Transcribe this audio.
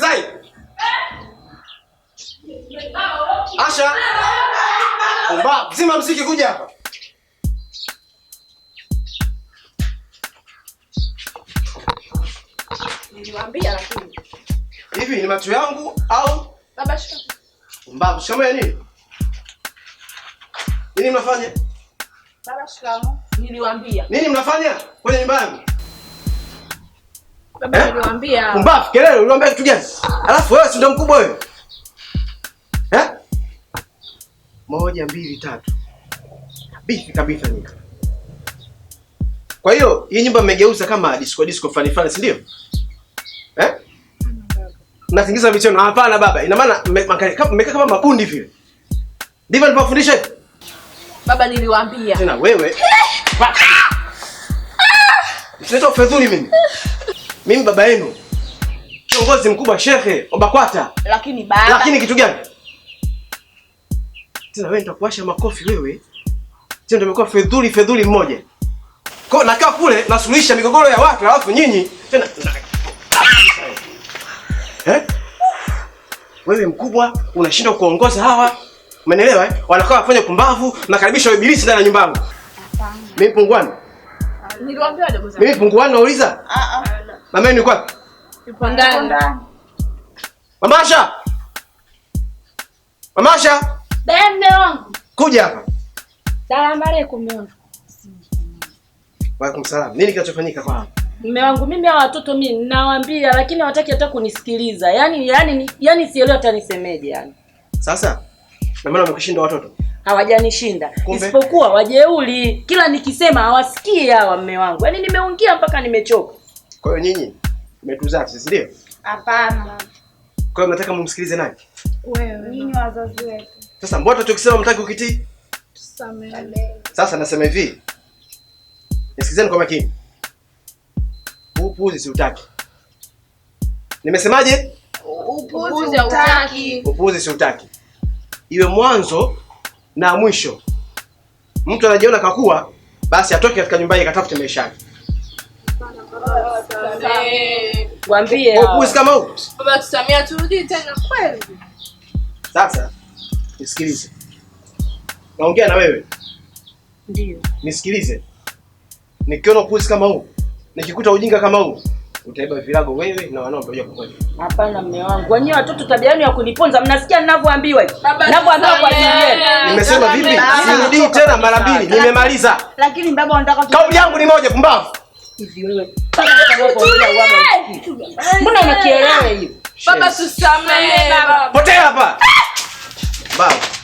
Zai. Asha. Omba, zima mziki kuja hapa. Niliwaambia lakini. Hivi ni macho yangu au baba shika. Omba, ya nini? Nini mnafanya? Baba shika. Niliwaambia. Nini mnafanya? Kwenye nyumba yangu. Pumbavu eh? kelele, uliwaambia kitu gani? Alafu wewe si ndo mkubwa wewe. Eh? Moja, mbili, tatu. Kabisa kabisa nika. Kwa hiyo hii nyumba mmegeuza kama disco disco fani fani, si ndio? Eh? Natingiza vichono. Hapana baba, ina maana mmekaa kama makundi vile. Ndivyo nilipofundisha. Baba niliwaambia. Tena wewe. Eh! Ah! Ah! Fedhuli mimi. Mimi baba yenu kiongozi mkubwa shehe Obakwata. Lakini baba, lakini kitu gani tena? Wewe nitakuwasha makofi wewe tena, ndio umekuwa fedhuli fedhuli mmoja kwa nakaa kule nasuluhisha migogoro ya watu alafu nyinyi tena eh? Wewe mkubwa unashindwa kuongoza hawa, umeelewa eh? Wanakaa wafanye kumbavu, nakaribisha ibilisi ndani ya nyumbangu. Mimi pungwani, niliwaambia wadogo zangu mimi pungwani nauliza. Ah ah. Mama ni kwa? wapi? Yupo ndani. Mama Asha. Bembe wangu. Kuja hapa. Salamu alaykum mume wangu. Wa alaykum salam. Nini kinachofanyika kwa hapa? Mume wangu mimi hao watoto mimi ninawaambia lakini hawataki hata kunisikiliza. Yaani yaani yaani sielewi hata nisemeje yani. Sasa na maana mkishinda watoto hawajanishinda isipokuwa wajeuli, kila nikisema hawasikii hawa. Mume wangu yaani nimeongea mpaka nimechoka. Kwa hiyo nyinyi mmetuzaa sisi, ndio? Hapana. Kwa hiyo mnataka mumsikilize nani? Wewe. Nyinyi wazazi wetu. Sasa mbona tukisema mtaki ukitii? Tusamehe. Sasa nasema hivi. Nisikizeni kwa makini. si utaki. Nimesemaje? Upuuzi hautaki. si utaki. Iwe mwanzo na mwisho. Mtu anajiona kakua basi atoke katika nyumba yake katafute maisha yake. Mwambie Sasa nisikilize. Naongea na wewe. Ndio. Nisikilize. Nikiona kuzi kama huu, nikikuta ujinga kama huu, utaiba vilago wewe na wanao Hapana mme wangu. Wenyewe watoto tabia yenu ya kuniponza, mnasikia ninavyoambiwa hivi. Nimesema vipi? Sirudi tena mara mbili. Nimemaliza. Lakini baba unataka kauli yangu ni moja pumbavu hivi wewe. Mbona unakielewa hivi? Baba tusamehe baba. Potea hapa. Ah! Baba.